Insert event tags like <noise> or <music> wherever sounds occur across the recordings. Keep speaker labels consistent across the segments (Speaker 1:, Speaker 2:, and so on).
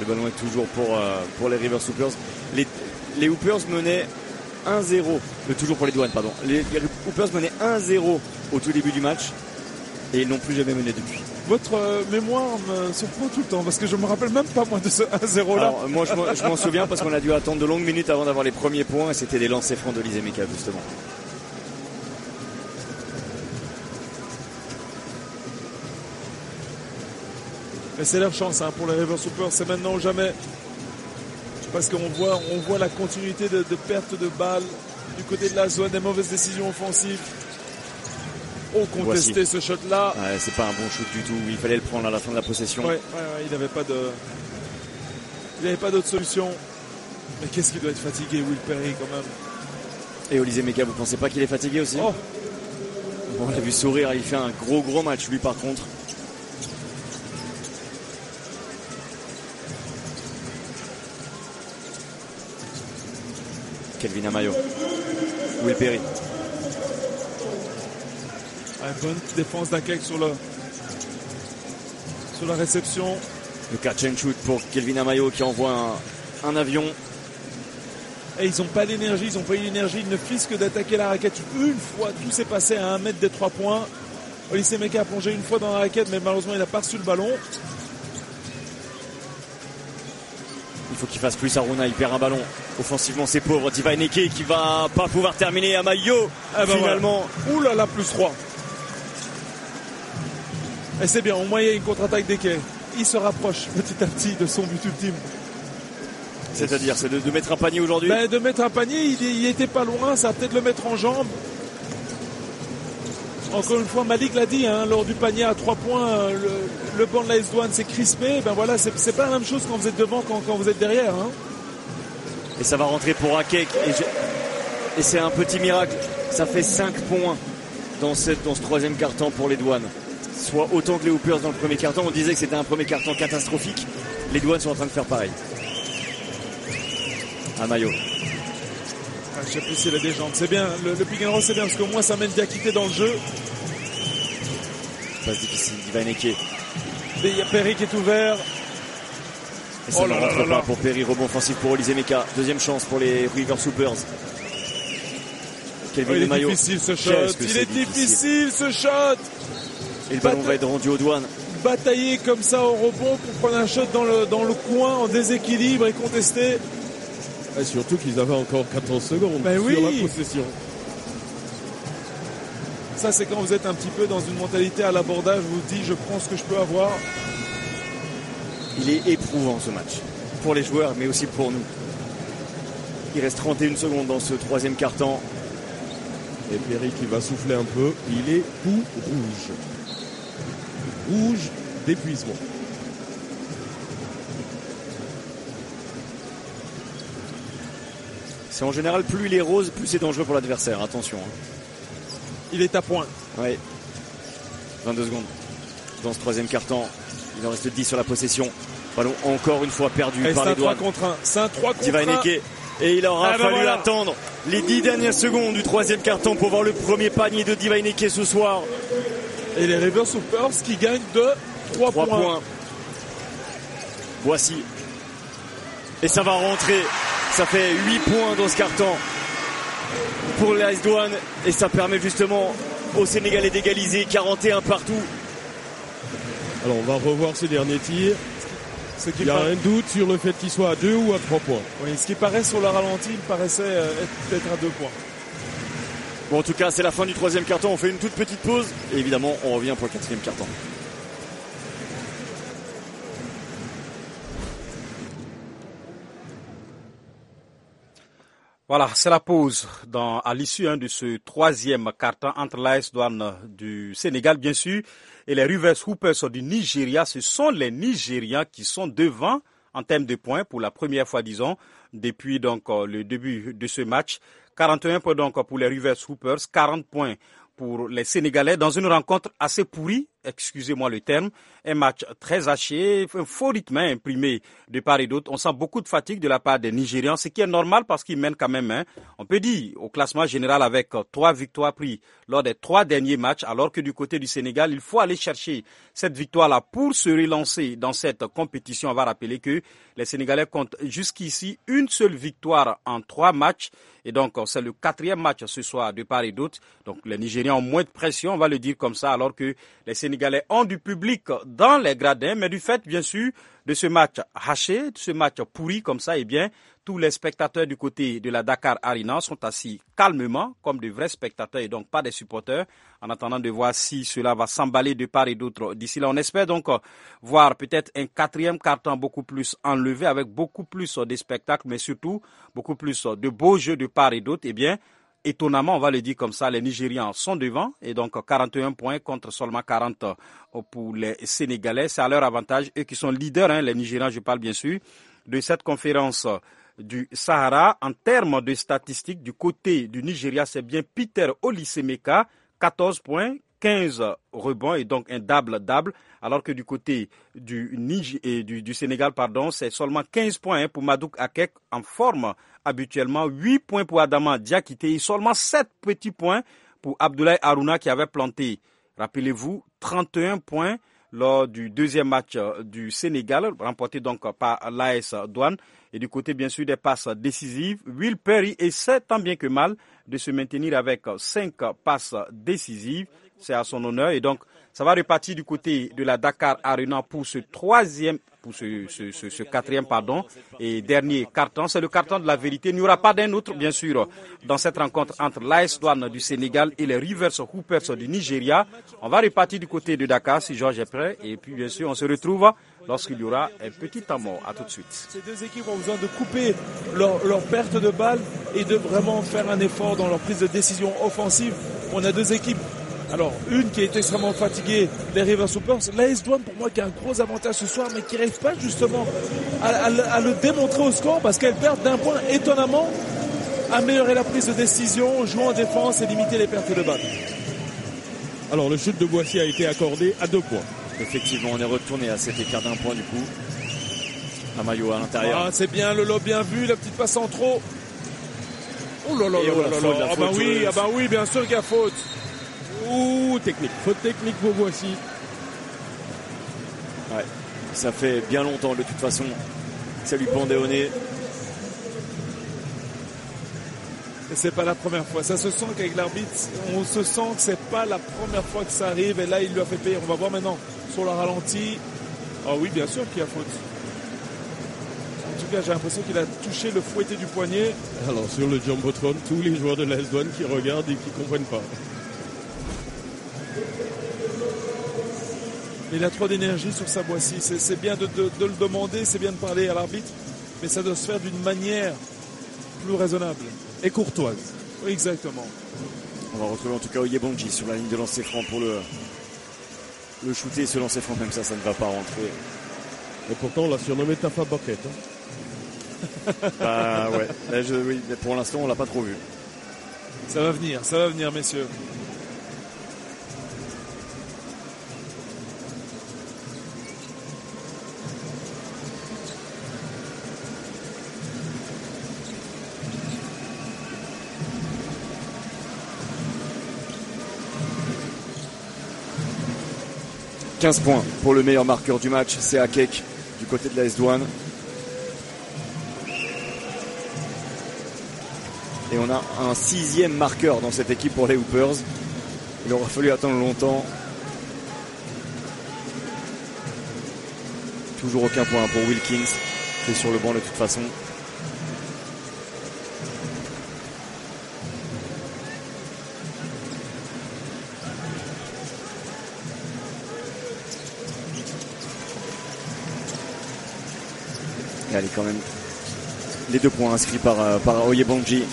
Speaker 1: Le ballon est toujours pour, euh, pour les Rivers Hoopers. Les, les Hoopers menaient 1-0, euh, toujours pour les douanes, pardon. Les, Hoopers menaient 1-0 au tout début du match et ils n'ont plus jamais mené depuis.
Speaker 2: Votre euh, mémoire me surprend tout le temps parce que je ne me rappelle même pas moi de ce 1-0 là. moi je m'en souviens
Speaker 1: parce qu'on a dû attendre de longues minutes avant d'avoir les premiers points et c'était des lancers francs de Meka justement.
Speaker 2: Mais c'est leur chance hein, pour les River Super, c'est maintenant ou jamais. Parce qu'on voit, on voit la continuité de, perte de balles du côté de la zone, des mauvaises décisions offensives. On contestait ce
Speaker 1: shot-là. Ouais, c'est pas un bon shoot du tout. Il fallait le prendre à la fin de la possession. Ouais,
Speaker 2: il n'avait pas de, il pas d'autre solution. Mais qu'est-ce qu'il doit être fatigué, Will Perry, quand même.
Speaker 1: Et Olivier Mega, vous pensez pas qu'il est fatigué aussi oh. On l'a vu sourire, il fait un gros gros match lui par contre. Kelvin Amayo.
Speaker 2: Will Perry. périt. Ah, bonne défense d'un sur, sur la réception. Le catch and shoot pour
Speaker 1: Kelvin Amayo qui envoie
Speaker 2: un, avion. Et ils n'ont pas d'énergie, ils n'ont pas eu d'énergie, ils ne fissent que d'attaquer la raquette une fois. Tout s'est passé à un mètre des trois points. Olysse Meka a plongé une fois dans la raquette, mais malheureusement il n'a pas reçu le ballon.
Speaker 1: Il faut qu'il fasse plus. Aruna, il perd un ballon. Offensivement, c'est pauvre. Eke qui va pas pouvoir terminer. à maillot. Eh ben finalement.
Speaker 2: oulala là plus 3. Et c'est bien, au moyen une contre-attaque d'Eke. Il se rapproche petit à petit de son but ultime. C'est-à-dire, c'est de,
Speaker 1: mettre un panier aujourd'hui ben,
Speaker 2: De mettre un panier, il, il était pas loin, ça a peut-être le mettre en jambe. Encore une fois, Malik l'a dit, hein, lors du panier à 3 points, euh, le, banc de la S-Douane s'est crispé. Ben voilà, c'est pas la même chose quand vous êtes devant quand, vous êtes derrière. Hein. Et ça va
Speaker 1: rentrer pour Akek. Et, c'est un petit miracle. Ça fait 5 points dans, ce troisième carton pour les douanes. Soit autant que les Hoopers dans le premier carton. On disait que c'était un premier carton catastrophique. Les douanes sont en train de faire pareil. un maillot.
Speaker 2: Ah, j'apprécie la déjante. C'est bien, le, pig and roll c'est bien parce que moins ça mène quitter dans le jeu
Speaker 1: passe difficile d'Ivan
Speaker 2: il y a Perry qui est ouvert.
Speaker 1: Et ça oh ne rentre pas pour Perry, rebond offensif pour Olysée Meka. Deuxième chance pour les River Soupers.
Speaker 2: Quel oh, il est difficile ce shot. il est, difficile. ce shot. Et le ballon va être rendu aux douanes batailler comme ça au rebond pour prendre un shot dans le, dans le coin en déséquilibre et contester. surtout qu'ils avaient encore 14 secondes ben sur la possession. Ça, c'est quand vous êtes un petit peu dans une mentalité à l'abordage, vous dites je prends ce que je peux avoir. Il est éprouvant
Speaker 1: ce match, pour les joueurs, mais aussi pour nous. Il reste 31 secondes dans ce troisième
Speaker 2: quart-temps. Et Perry qui va souffler un peu, il est tout rouge. Rouge d'épuisement.
Speaker 1: C'est en général plus il est rose, plus c'est dangereux pour l'adversaire, attention. Hein il est à point. Oui. 22 secondes dans ce troisième carton, temps Il en reste 10 sur la possession. Ballon encore une fois perdu par les doigts.
Speaker 2: C'est un 3 contre 1. Et il aura ah bah fallu
Speaker 1: attendre les 10 dernières secondes du troisième carton pour voir le premier panier de Divineke ce soir. Et les Rivers Hoopers qui gagnent de 3, points. points. Voici. Et ça va rentrer. Ça fait 8 points dans ce carton pour les Douane et ça permet justement au Sénégalais d'égaliser 41
Speaker 2: partout. Alors on va revoir ces derniers tirs. il y a un doute sur le fait qu'il soit à 2 ou à 3 points. Oui, ce qui paraît sur le ralenti, il paraissait euh, être, être à 2 points.
Speaker 1: Bon, en tout cas, c'est la fin du troisième carton. On fait une toute petite pause et évidemment, on
Speaker 3: revient pour le quatrième carton. Voilà, c'est la pause à l'issue hein, de ce troisième carton entre l'AS Douane du Sénégal, bien sûr, et les Rivers Hoopers du Nigeria. Ce sont les Nigériens qui sont devant en termes de points pour la première fois, disons, depuis donc euh, le début de ce match. 41 points donc pour les Rivers Hoopers, 40 points pour les Sénégalais dans une rencontre assez pourrie excusez-moi le terme, un match très haché, un faux rythme hein, imprimé de part et d'autre. On sent beaucoup de fatigue de la part des Nigérians, ce qui est normal parce qu'ils mènent quand même, hein. on peut dire, au classement général avec euh, trois victoires prises lors des trois derniers matchs, alors que du côté du Sénégal, il faut aller chercher cette victoire-là pour se relancer dans cette compétition. On va rappeler que les Sénégalais comptent jusqu'ici une seule victoire en trois matchs. Et donc, euh, c'est le quatrième match ce soir de part et d'autre. Donc, les Nigériens ont moins de pression, on va le dire comme ça, alors que les Sénégalais ont du public dans les gradins. Mais du fait, bien sûr, de ce match haché, de ce match pourri comme ça, eh bien, tous les spectateurs du côté de la Dakar Arena sont assis calmement, comme de vrais spectateurs et donc pas des supporters, en attendant de voir si cela va s'emballer de part et d'autre. D'ici là, on espère donc euh, voir peut-être un quatrième carton beaucoup plus enlevé, avec beaucoup plus euh, de spectacles, mais surtout beaucoup plus euh, de beaux jeux de part et d'autre. Eh bien, étonnamment, on va le dire comme ça, les Nigérians sont devant et donc 41 points contre seulement 40 pour les Sénégalais. C'est à leur avantage, eux qui sont leaders, hein, les Nigérians, je parle bien sûr, de cette conférence du Sahara. En termes de statistiques, du côté du Nigeria, c'est bien Peter Olisemeka, 14 points, 15 rebonds et donc un double double alors que du côté du, Niger, et du, Sénégal pardon c'est seulement 15 points hein, pour Madouk Akek en forme habituellement 8 points pour Adama Diakite et seulement 7 petits points pour Abdoulaye Arouna qui avait planté rappelez-vous 31 points lors du deuxième match euh, du Sénégal remporté donc par l'AS Douane et du côté, bien sûr, des passes décisives, Will Perry essaie tant bien que mal de se maintenir avec cinq passes décisives. C'est à son honneur. Et donc, ça va repartir du côté de la Dakar Arena pour ce troisième, pour ce, quatrième, pardon, et dernier carton. C'est le carton de la vérité. Il n'y aura pas d'un autre, bien sûr, dans cette rencontre entre l'AS Douane du Sénégal et les Rivers Hoopers du Nigeria. On va repartir du côté de Dakar, si Georges est prêt. Et puis, bien sûr, on se retrouve lorsqu'il y aura un petit amour. À tout de suite. Ces
Speaker 2: deux équipes ont besoin de couper leur, perte de balles et de vraiment faire un effort dans leur prise de décision offensive. On a deux équipes alors, une qui est extrêmement fatiguée, les River Soupers. L'AS Douane, pour moi, qui a un gros avantage ce soir, mais qui n'arrive pas justement à, le démontrer au score parce qu'elle perd d'un point étonnamment. Améliorer la prise de décision, jouer en défense et limiter les pertes de balle. Alors, le chute de Boissy a été accordé à deux points. Effectivement, on est retourné à cet écart d'un point du coup.
Speaker 1: A maillot à l'intérieur. Ah,
Speaker 2: c'est bien, le lob bien vu, la petite passe en trop. Oh là là oh, là là Ah bah oui, ah bah oui, bien sûr qu'il y a faute.
Speaker 1: Ouh, technique. Faute technique pour voici. Ouais, ça fait bien longtemps de toute façon.
Speaker 2: Ça lui pendait au nez. Et c'est pas la première fois. Ça se sent qu'avec l'arbitre, on se sent que c'est pas la première fois que ça arrive. Et là, il lui a fait payer. On va voir maintenant sur le ralenti. Ah oui, bien sûr qu'il a faute. En tout cas, j'ai l'impression qu'il a touché le fouetté du poignet. Alors, sur le Jumbotron, tous les joueurs de la s qui regardent et qui comprennent pas. Il a trop d'énergie sur sa boissie. C'est bien de, le demander, c'est bien de parler à l'arbitre, mais ça doit se faire d'une manière plus raisonnable. Et courtoise. exactement.
Speaker 1: On va retrouver en tout cas yebongi sur la ligne de lancer franc pour le le shooter et se lancer franc même ça, ça ne va pas rentrer. Et pourtant, on l'a surnommé Tafa Bucket. Hein. <laughs> bah ouais, pour l'instant, on l'a pas trop vu. Ça va
Speaker 2: venir, ça va venir, messieurs.
Speaker 1: 15 points pour le meilleur marqueur du match, c'est Akek du côté de la S-Douane. Et on a un sixième marqueur dans cette équipe pour les Hoopers. Il aura fallu attendre longtemps. Toujours aucun point pour Wilkins, qui est sur le banc de toute façon. allez quand même. Les deux points inscrits par, euh, par Banji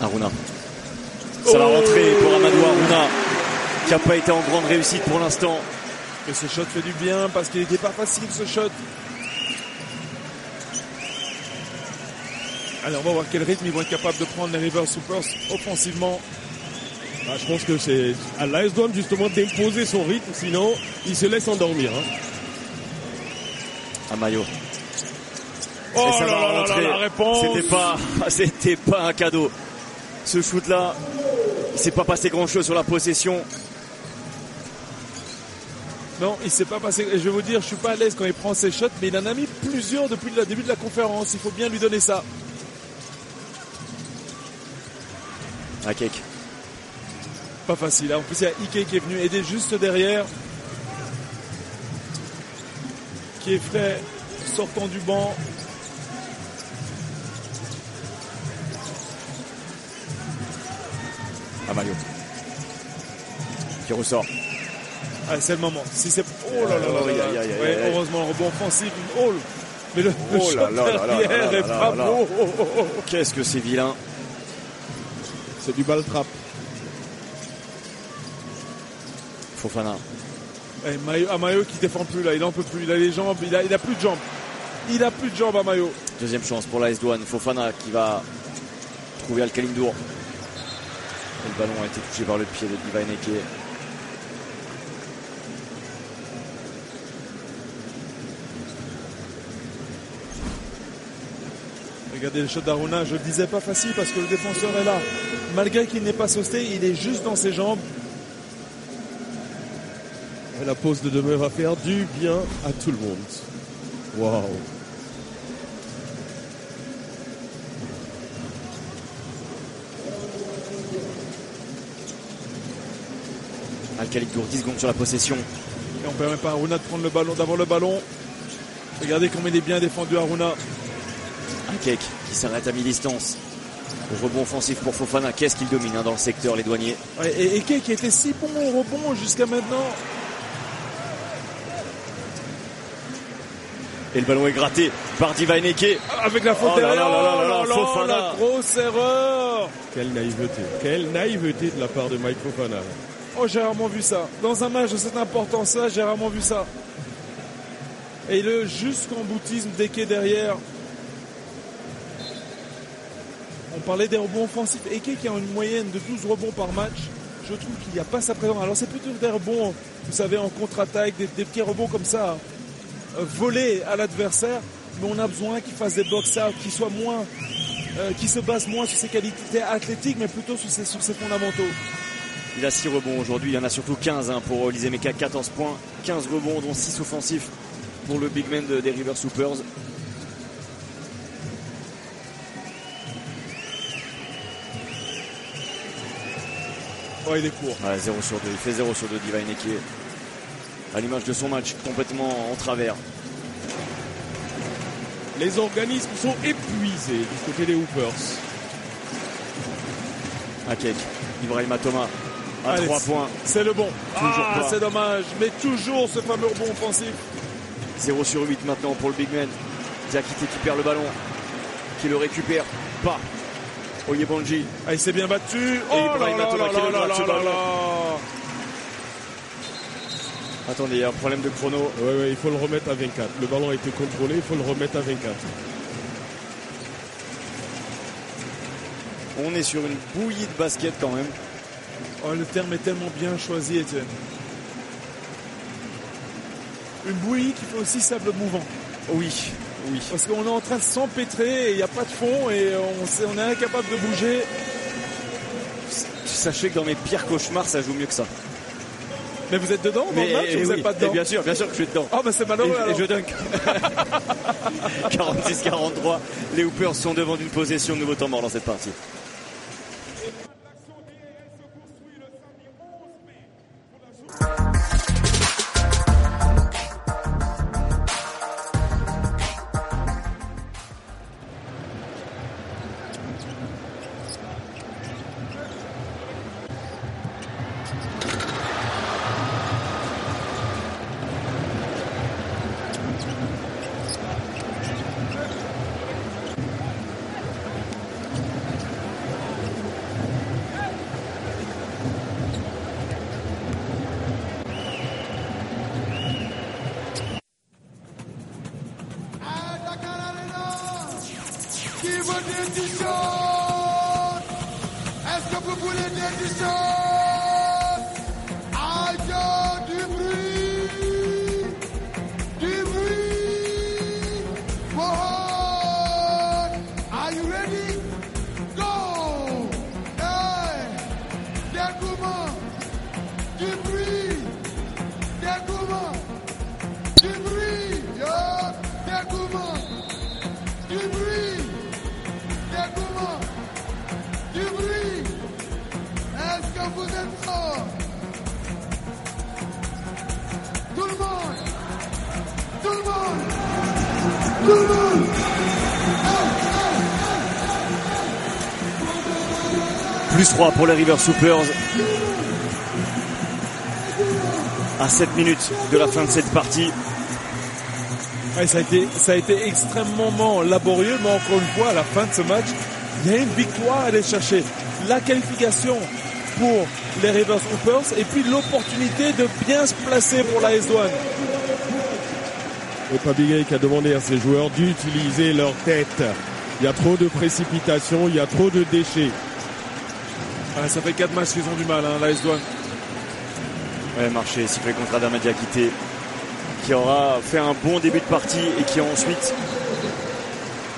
Speaker 1: Aruna. Ça va rentrer pour
Speaker 2: Amadou Aruna, qui n'a pas été en grande réussite pour l'instant. Mais ce shot fait du bien parce qu'il n'était pas facile ce shot. Alors on va voir quel rythme ils vont être capables de prendre les River Soupers offensivement ah, je pense que c'est à donne justement d'imposer son rythme, sinon il se laisse endormir. Hein. Oh là la réponse C'était pas,
Speaker 1: <laughs> c'était pas un cadeau. Ce shoot là, il s'est pas passé grand
Speaker 2: chose sur la possession. Non, il s'est pas passé. Je vais vous dire, je suis pas à l'aise quand il prend ses shots, mais il en a mis plusieurs depuis le début de la conférence. Il faut bien lui donner ça. Akek pas facile. Hein. En plus, il y a Ike qui est venu aider juste derrière. Qui est frais, sortant du banc. Ah, Mario.
Speaker 1: Qui ressort. Ah,
Speaker 2: c'est le moment. Si c'est. Oh là là là, là, Heureusement, rebond offensif. Mais le, oh est pas
Speaker 1: Qu'est-ce que c'est vilain.
Speaker 2: C'est du ball trap. Fofana. Et eh, ah, Mayo, qui défend plus là, il n'en peut plus, il a les jambes, il a, plus de jambes. Il a plus de jambes à Mayo.
Speaker 1: Deuxième chance pour la Fofana qui va trouver al Kalimdour. le ballon a été touché par le pied de Divine
Speaker 2: Regardez le shot d'Aruna, je le disais pas facile parce que le défenseur est là. Malgré qu'il n'est pas sauté, il est juste dans ses jambes la pause de demain va faire du bien à tout le monde. Waouh
Speaker 1: Gourdi 10 secondes sur la possession. Et
Speaker 2: on ne permet pas à Aruna de prendre le ballon, d'avoir le ballon. Regardez combien il est bien défendu Aruna.
Speaker 1: Akek qui s'arrête à mi-distance. Rebond offensif pour Fofana. Qu'est-ce qu'il domine hein, dans le secteur, les douaniers
Speaker 2: Et, et qui était si bon au rebond jusqu'à maintenant. Et le ballon est
Speaker 1: gratté par Eke Avec la faute oh derrière. Oh la,
Speaker 2: grosse erreur. Quelle naïveté. Quelle naïveté de la part de Mike Fofana. Oh, j'ai rarement vu ça. Dans un match de cette importance-là, j'ai rarement vu ça. Et le jusqu'en boutisme d'Eke derrière. On parlait des rebonds offensifs. Eke qui a une moyenne de 12 rebonds par match. Je trouve qu'il n'y a pas ça présent. Alors c'est plutôt des rebonds, vous savez, en contre-attaque, des, des petits rebonds comme ça voler à l'adversaire, mais on a besoin qu'il fasse des box qui qu'il moins, euh, qui se base moins sur ses qualités athlétiques, mais plutôt sur ses, sur ses fondamentaux.
Speaker 1: Il a 6 rebonds aujourd'hui, il y en a surtout 15 hein, pour l'Isemeka 14 points, 15 rebonds, dont
Speaker 2: 6 offensifs
Speaker 1: pour le big man des River Soupers. il est court. 0 sur 2, il fait 0 sur 2, Divine à l'image de son match complètement en travers. Les organismes sont épuisés du côté des Hoopers. Akek, Ibrahim Thomas à 3 points.
Speaker 2: C'est le bon. Ah, c'est dommage, mais toujours ce fameux rebond offensif.
Speaker 1: 0 sur 8 maintenant pour le big man. Diakité qui perd le ballon, qui le récupère pas. Bonji. Ah, il s'est bien battu. Et oh Thomas qui le Attendez, il y a un problème de chrono. Ouais, il faut le remettre à 24. Le ballon a été contrôlé, il faut le remettre à 24. On est sur une bouillie de basket quand même. Oh, le
Speaker 2: terme est tellement bien choisi, Étienne. Une bouillie qui fait aussi sable mouvant. Oui, oui. Parce qu'on est en train de s'empêtrer et il n'y a pas de fond et on est incapable de bouger. Sachez que dans mes pires cauchemars, ça joue mieux que ça. Mais vous êtes dedans mais eh vous pas dedans eh, Bien sûr, bien sûr que je suis dedans. oh, bah c'est malheureux et, je dunk.
Speaker 1: 46-43, <laughs> les Hoopers sont devant une possession, nouveau temps mort dans cette partie. Plus 3 pour les River Soupers.
Speaker 2: À 7 minutes de la fin de cette partie. ça, a été, ça a été extrêmement laborieux, mais encore une fois, à la fin de ce match, il y a une victoire à aller chercher. La qualification pour les River Hoopers et puis l'opportunité de bien se placer pour la S1. Et Pabigay qui a demandé à ses joueurs d'utiliser leur tête. Il y a trop de précipitations, il y a trop de déchets. Ah, ça fait 4 matchs qu'ils ont du mal, hein, la s
Speaker 1: -Douane. Ouais, marché, si le contre qui quitté, qui aura fait un bon début de partie et qui ensuite,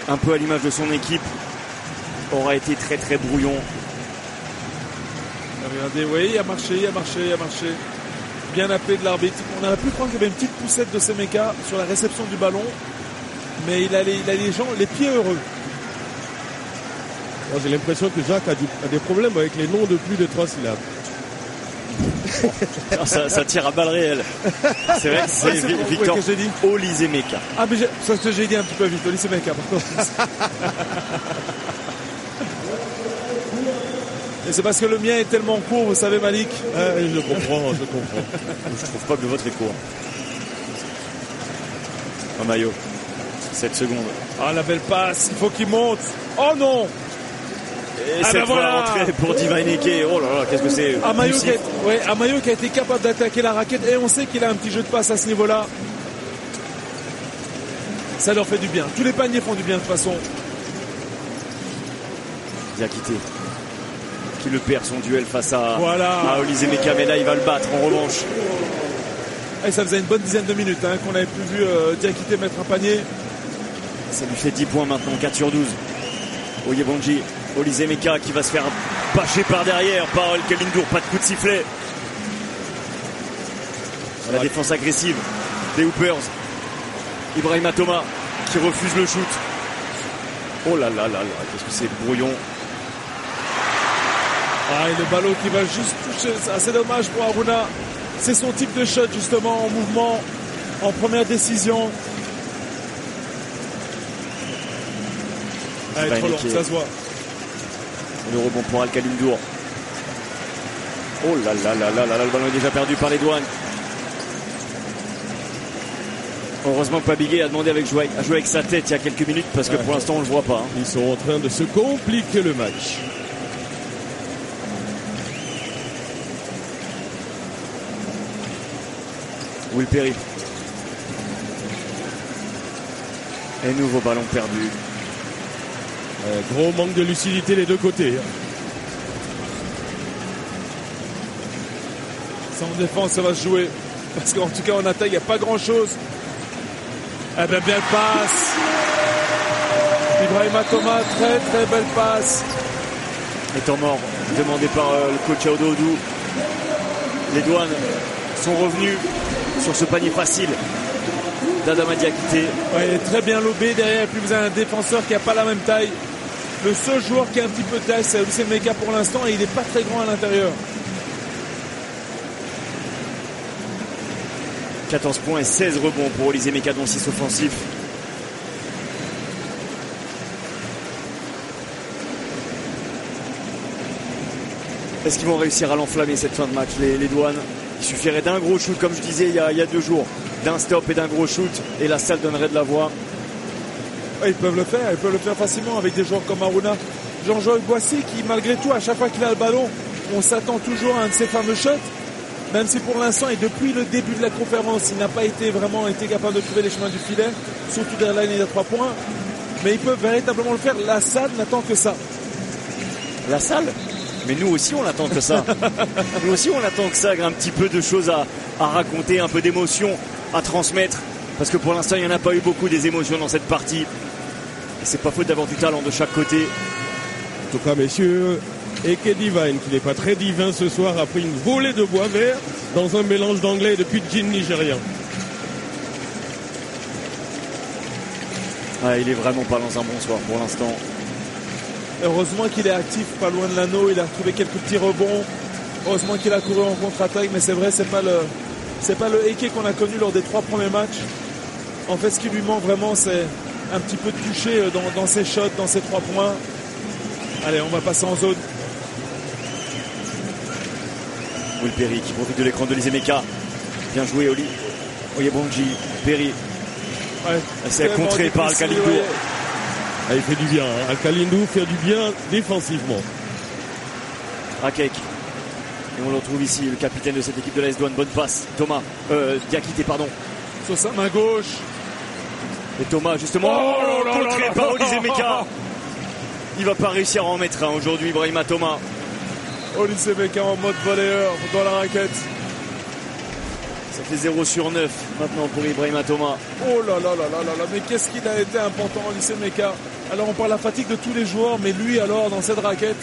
Speaker 1: un peu à l'image de son équipe, aura été très très brouillon.
Speaker 2: Regardez, oui, il a marché, il a marché, il a marché bien appelé de l'arbitre. On aurait pu croire qu'il y avait une petite poussette de Semeka sur la réception du ballon, mais il a les, gens, les pieds heureux. j'ai l'impression que Jacques a, des problèmes avec les noms de plus de trois syllabes.
Speaker 1: <laughs> ça, tire à balles réelles.
Speaker 2: C'est vrai que c'est Victor que dit. Ah, mais c'est que j'ai dit un petit peu vite, Olizemeka, par contre. <laughs> Et c'est parce que le mien est tellement court, vous savez, Malik. Ah, je comprends, je comprends. je trouve pas que le vôtre est court. Un maillot. 7 secondes. Ah, la belle passe. Il faut qu'il monte. Oh non et c'est ah, ben cette la rentrée pour Divineke. Oh là là, qu'est-ce que c'est Amayo, qui a, qui a été capable d'attaquer la raquette et on sait qu'il a un petit jeu de passe à ce niveau-là. Ça leur fait du bien. Tous les paniers font du bien de toute façon.
Speaker 1: Bien quitté il le perd son duel face à, voilà. à mais là Il va le battre en revanche.
Speaker 2: Et ça faisait une bonne dizaine de minutes hein, qu'on avait plus vu euh, mettre un panier. Ça lui fait 10 points maintenant, 4 sur 12.
Speaker 1: Oyebonji, Olise Meka qui va se faire pâcher par derrière par El Kalindour. Pas de coup de sifflet. La défense agressive des Hoopers. Ibrahima Thomas qui refuse le shoot. Oh là là là là,
Speaker 2: qu'est-ce que c'est brouillon. Ah, et le ballon qui va juste toucher, c'est dommage pour Aruna. C'est son type de shot justement en mouvement, en première décision. Ah, trop long, ça se voit.
Speaker 1: Le rebond pour Dour Oh là là là là là là, le ballon est déjà perdu par les douanes. Heureusement que Pabigué a demandé avec à jouer avec sa tête il y a quelques minutes parce que ah, pour l'instant on ne le voit pas. Hein. Ils sont en train de
Speaker 2: se compliquer le match. Will Perry.
Speaker 1: Et nouveau ballon perdu. Euh,
Speaker 2: gros manque de lucidité des deux côtés. Hein. Sans défense, ça va se jouer. Parce qu'en tout cas, en attaque, il n'y a pas grand-chose. Eh bien, belle passe. Ibrahima Thomas, très très belle passe.
Speaker 1: étant mort, demandé par euh, le coach Audou.
Speaker 2: Les douanes sont revenus sur ce panier facile d'Adama Diakité. est très bien lobé derrière, et puis vous avez un défenseur qui n'a pas la même taille. Le seul joueur qui a un petit peu de taille, c'est Lucien Meka pour l'instant, et il n'est pas très grand à l'intérieur.
Speaker 1: 14 points et 16 rebonds pour Olysée Meka, dont 6 offensifs. Est-ce qu'ils vont réussir à l'enflammer cette fin de match, les douanes il suffirait d'un gros shoot, comme je disais il y a, deux jours, d'un stop et d'un gros shoot,
Speaker 2: et la salle donnerait de la voix. Ah, ils peuvent le faire, ils peuvent le faire facilement avec des joueurs comme Aruna, jean joël Boissy, qui malgré tout, à chaque fois qu'il a le ballon, on s'attend toujours à un de ses fameux shots. Même si pour l'instant et depuis le début de la conférence, il n'a pas été vraiment été capable de trouver les chemins du filet, surtout derrière la ligne de trois points. Mais ils peuvent véritablement le faire. La salle n'attend que ça.
Speaker 1: La salle mais nous aussi, on attend que ça.
Speaker 2: <laughs> nous
Speaker 1: aussi, on attend que ça. Un petit peu de choses à, raconter, un peu d'émotion à transmettre. Parce que pour l'instant, il n'y en a pas eu beaucoup des émotions dans cette partie. Et c'est pas faute d'avoir du talent de chaque côté.
Speaker 2: En tout cas, messieurs, Eke Divine, qui n'est pas très divin ce soir, a pris une volée de bois vert dans un mélange d'anglais et de pidgin nigérien.
Speaker 1: Ah, il est vraiment pas dans un bon soir pour l'instant.
Speaker 2: Heureusement qu'il est actif pas loin de l'anneau, il a retrouvé quelques petits rebonds. Heureusement qu'il a couru en contre-attaque, mais c'est vrai, c'est pas le c'est pas le Eke qu'on a connu lors des trois premiers matchs. En fait, ce qui lui manque vraiment, c'est un petit peu de toucher euh, dans, ses shots, dans ses trois points. Allez, on va passer en zone.
Speaker 1: Will Perry qui profite de l'écran de Lizemeka. Bien joué, Oli. Bonji Perry. C'est contré par le ah, il fait du bien. Hein. fait
Speaker 2: du bien défensivement.
Speaker 1: Akek. Et on le retrouve ici, le capitaine de cette équipe de la douane Bonne passe. Thomas. Euh, Diakité, pardon. Sur sa main gauche. Et Thomas, justement. Oh, là, Il va pas réussir à en mettre un aujourd'hui, Brahima Thomas. Olysée Meka en mode volleyeur dans la raquette. Ça fait 0 sur 9 maintenant pour Ibrahima Thomas.
Speaker 2: Oh là là là là là là, mais qu'est-ce qu'il a été important en lycée Meka. Alors on parle de la fatigue de tous les joueurs, mais lui alors dans cette raquette.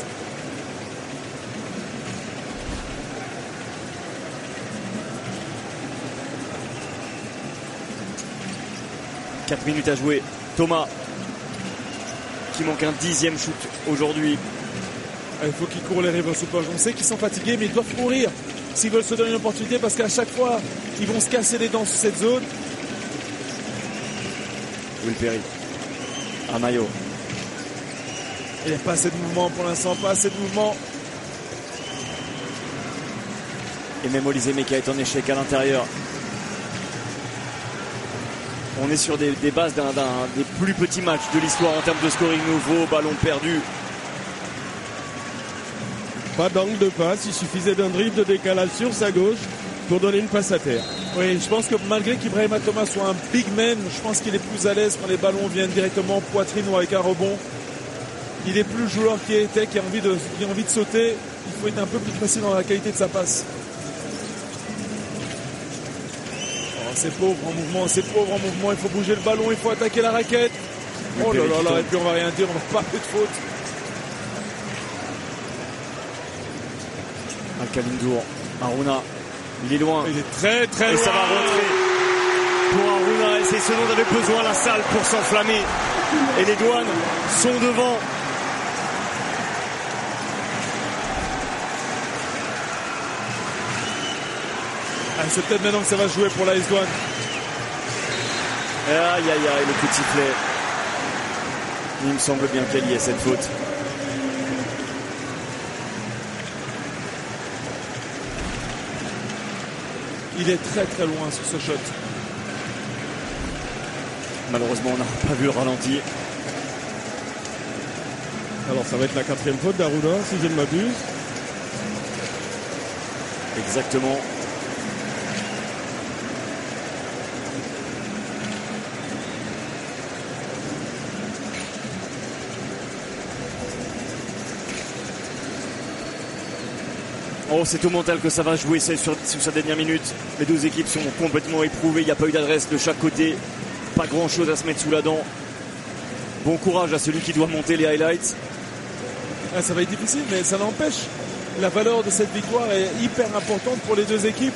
Speaker 1: 4 minutes à jouer. Thomas qui manque un dixième
Speaker 2: shoot aujourd'hui. Ah, il faut qu'il court les rivers sous poche. On sait qu'ils sont fatigués, mais ils doivent courir s'ils veulent se donner une opportunité parce qu'à chaque fois, ils vont se casser les dents sur cette zone.
Speaker 1: Will Perry. à maillot.
Speaker 2: Il n'y a pas assez de mouvement pour l'instant, pas assez de mouvement.
Speaker 1: Et même Olizeme qui est en échec à l'intérieur. On est sur des, bases d'un des plus petits matchs de l'histoire en termes de scoring nouveau, ballon perdu
Speaker 2: pas d'angle de passe. Il suffisait d'un drift de décalage sur sa gauche pour donner une passe à terre. Oui, je pense que malgré qu'Ibrahima Thomas soit un big man, je pense qu'il est plus à l'aise quand les ballons viennent directement poitrine ou avec un rebond. Il est plus le joueur qui était, qui a envie de, a envie de sauter. Il faut être un peu plus précis dans la qualité de sa passe. Oh, c'est pauvre en mouvement, c'est pauvre en mouvement. Il faut bouger le ballon, il faut attaquer la raquette. Oh là là et puis on va rien dire, on n'a pas de faute.
Speaker 1: à Kalindour. Aruna, il est loin. Il est très très et ça va rentrer pour Aruna. Et c'est ce dont avait besoin la salle pour s'enflammer. Et les douanes sont devant.
Speaker 2: Ah, c'est peut-être maintenant que ça va jouer pour la S-Douane. Aïe aïe aïe, le petit filet. Il me semble bien qu'elle y ait cette faute. Il est très très loin sur ce shot.
Speaker 1: Malheureusement, on n'a pas vu le ralenti. Alors ça va être la quatrième faute d'Aruda, si je ne m'abuse. Exactement. Oh, c'est au mental que ça va jouer c'est sur, sa dernière minute. Les deux équipes sont complètement éprouvées. Il n'y a pas eu d'adresse de chaque côté. Pas grand chose à se mettre sous la dent. Bon courage à celui qui doit monter les highlights.
Speaker 2: Ah, ça va être difficile, mais ça n'empêche. La valeur de cette victoire est hyper importante pour les deux équipes.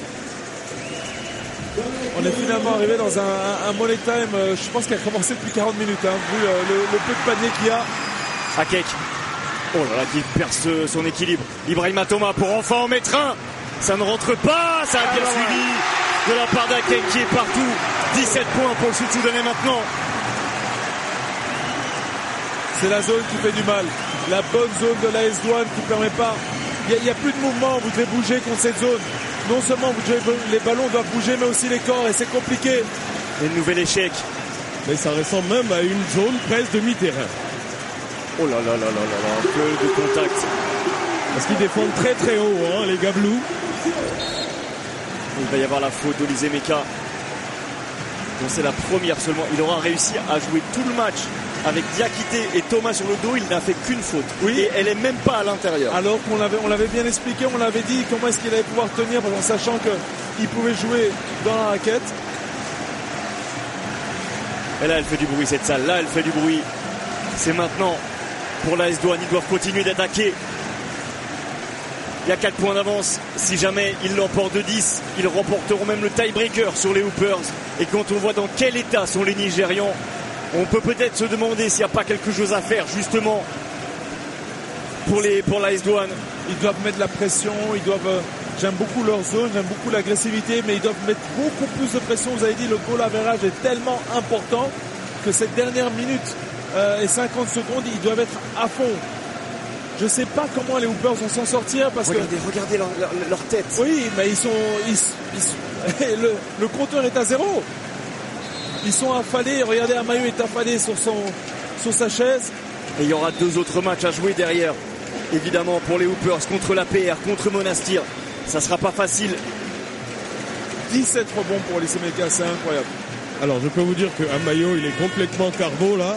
Speaker 2: On est finalement arrivé dans un, un, money time, euh, je pense qu'elle a commencé depuis 40 minutes, hein, vu euh, le, peu de panier qu'il y a. À
Speaker 1: Oh là là, qui perd son équilibre. Ibrahim Thomas pour enfin en mettre un. Ça ne rentre pas, ça a bien ah, suivi de la part d'Aken qui est partout. 17 points pour
Speaker 2: le sud soudanais maintenant. C'est la zone qui fait du mal. La bonne zone de la S-Douane qui ne permet pas. Il n'y a, plus de mouvement, vous devez bouger contre cette zone. Non seulement vous les ballons doivent bouger, mais aussi les corps, et c'est compliqué. Et le nouvel échec. Mais ça ressemble même à une zone presque mi terrain Oh là là là là
Speaker 1: là là, que de contact.
Speaker 2: Parce qu'ils défendent très très haut, hein, les Gabelous
Speaker 1: Il va y avoir la faute d'Olysée Meka. c'est la première seulement. Il aura réussi à jouer tout le match avec Diakité et Thomas sur le dos. Il n'a fait
Speaker 2: qu'une faute. Oui. Et elle est même pas à l'intérieur. Alors qu'on l'avait, on l'avait bien expliqué, on l'avait dit comment est-ce qu'il allait pouvoir tenir en sachant qu'il pouvait jouer dans la raquette.
Speaker 1: Et là, elle fait du bruit cette salle. Là, elle fait du bruit. C'est maintenant pour la douane Ils doivent continuer d'attaquer. Il y a 4 points d'avance. Si jamais ils l'emportent de 10, ils remporteront même le tiebreaker sur les Hoopers. Et quand on voit dans quel état sont les Nigérians, on peut peut-être se demander s'il n'y a pas quelque chose à faire justement
Speaker 2: pour, les, pour la douane Ils doivent mettre la pression, ils doivent... Euh, j'aime beaucoup leur zone, j'aime beaucoup l'agressivité, mais ils doivent mettre beaucoup plus de pression. Vous avez dit, le goal verrage est tellement important que cette dernière minute euh, et 50 secondes, ils doivent être à fond. Je sais pas comment les Hoopers vont s'en sortir parce regardez, que regardez leur, tête. Oui, mais ils sont, <laughs> le, compteur est à zéro. Ils sont affalés. Regardez, Amayou est affalé sur son sur sa chaise. Et il y aura deux autres
Speaker 1: matchs à jouer derrière. Évidemment pour les Hoopers contre la PR, contre Monastir, ça sera pas
Speaker 2: facile. 17 rebonds pour les Semekas, c'est incroyable. Alors je peux vous dire que Amayo, il est complètement carbo là.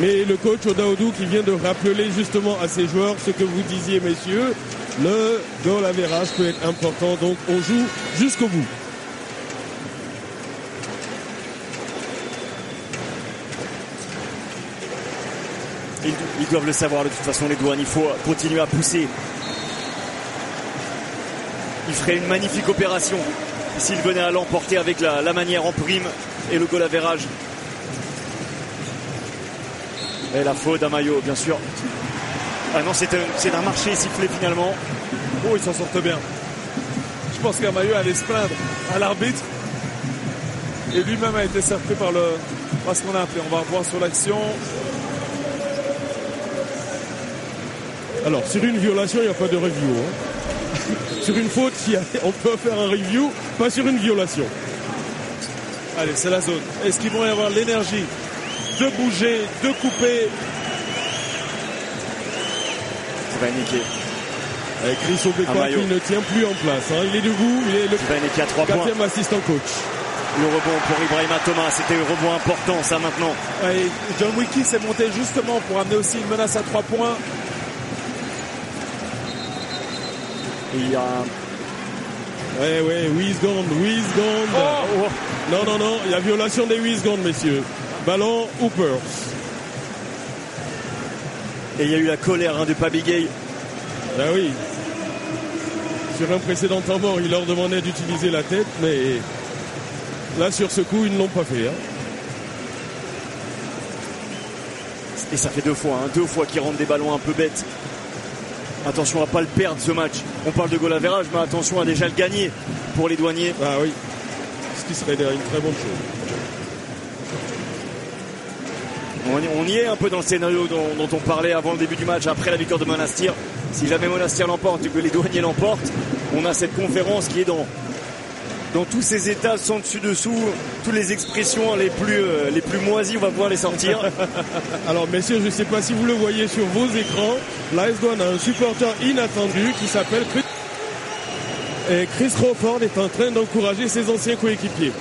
Speaker 2: Mais le coach Odaodou qui vient de rappeler justement à ses joueurs ce que vous disiez messieurs, le goal à peut être important donc on joue jusqu'au bout.
Speaker 1: Ils, ils, doivent le savoir de toute façon les douanes, il faut continuer à pousser. Il ferait une magnifique opération s'il venait à l'emporter avec la, manière en prime et le goal à verrage, Et la faute à bien sûr.
Speaker 2: Ah non, c'est un marché sifflé finalement. Oh, ils s'en sortent bien. Je pense qu'Amayo allait se plaindre à l'arbitre. Et lui-même a été cerclé par, le, par ce qu'on a appelé. On va voir sur l'action. Alors, sur une violation, il n'y a pas de review. Hein sur une faute, on peut faire un review, pas sur une violation. Allez, c'est la zone. Est-ce qu'ils vont avoir l'énergie de bouger, de couper niquer avec eh, Chris qui ne tient plus en place. Hein.
Speaker 1: Il est debout, il est le quatrième assistant coach. Le rebond pour Ibrahima Thomas, c'était un
Speaker 2: rebond important ça maintenant. John Wicky s'est monté justement pour amener aussi une menace à trois points. il y a eh Ouais, ouais, 8 secondes, 8 secondes. Non, non, non, il y a violation des 8 secondes, messieurs. Ballon, Hooper. Et il y a eu la colère hein, de Pabigay. Ah oui. Sur un précédent temps mort, il leur demandait d'utiliser la tête, mais là, sur ce coup, ils ne l'ont pas fait. Hein.
Speaker 1: Et ça fait deux fois, hein. deux fois qu'ils rendent des ballons un peu bêtes Attention à pas le perdre ce match. On parle de goal à mais attention à déjà le gagner pour les douaniers. Ah oui, ce qui serait une très bonne chose. On y est un peu dans le scénario dont, on parlait avant le début du match, après la victoire de Monastir. Si jamais Monastir l'emporte et que les douaniers l'emportent, on a cette conférence qui est dans dans tous ces états sont dessus dessous, toutes les expressions les plus,
Speaker 2: euh, les plus moisies, on va pouvoir les sortir. <laughs> Alors messieurs, je ne sais pas si vous le voyez sur vos écrans, l'AS a un supporter inattendu qui s'appelle Chris... Et Chris Crawford est en train d'encourager ses anciens coéquipiers.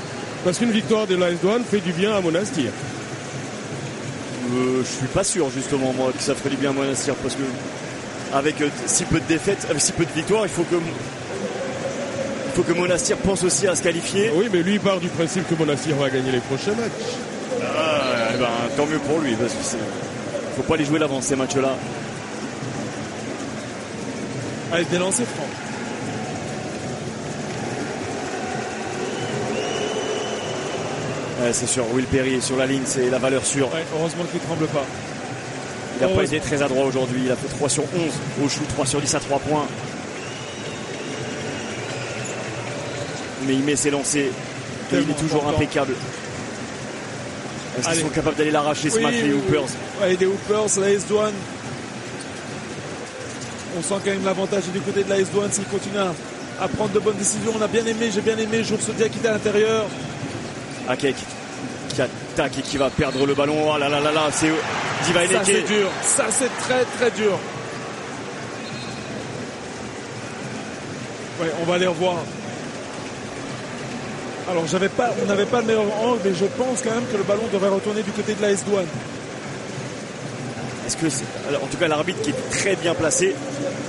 Speaker 2: Parce qu'une victoire de l'AS fait du bien à Monastir.
Speaker 1: Je euh, je suis pas sûr justement moi que ça ferait du bien à Monastir parce que avec euh, si peu de défaites, avec si peu de victoires, il faut que faut que Monastir pense aussi à se qualifier. Oui, mais lui, il part du principe que Monastir va gagner les prochains matchs. Ah, eh ben, tant mieux pour lui, parce que faut pas les jouer l'avance, ces matchs-là. Allez, des lancers c'est sûr, Will Perry sur la ligne, c'est la valeur sûre.
Speaker 2: heureusement qu'il ne tremble pas. Il a pas été
Speaker 1: très adroit aujourd'hui, il a fait 3 sur 11 au shoot, 3 sur 10 à 3 points. mais il met ses lancers. Et il est toujours impeccable. Est-ce qu'ils sont capables d'aller l'arracher ce match, les Hoopers
Speaker 2: oui. les des Hoopers, la S-Douane. On sent quand même l'avantage du côté de la S-Douane s'il continue à, prendre de bonnes décisions. On a bien aimé, j'ai bien aimé Jour Sodia qui est à l'intérieur. Akek qui
Speaker 1: attaque et qui va perdre le ballon. Ah là là là là, c'est Divine Ça c'est dur,
Speaker 2: ça c'est très très dur. Ouais, on va aller revoir. Alors, pas, on n'avait pas le meilleur angle, mais je pense quand même que le ballon devrait retourner du côté de la S-Douane. Est-ce que c'est... Alors, en tout cas,
Speaker 1: l'arbitre qui est très bien placé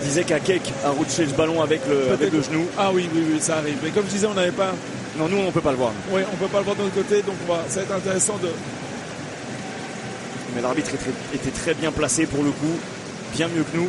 Speaker 1: disait qu'Akek a rouché le ballon avec le, avec le genou. Ah oui, oui, oui, ça arrive. Mais comme je disais, on n'avait pas. Non, nous, on ne peut pas le voir.
Speaker 2: Oui, on ne peut pas le voir de notre côté, donc ça va être intéressant de.
Speaker 1: Mais l'arbitre était très bien placé pour le coup, bien mieux que nous.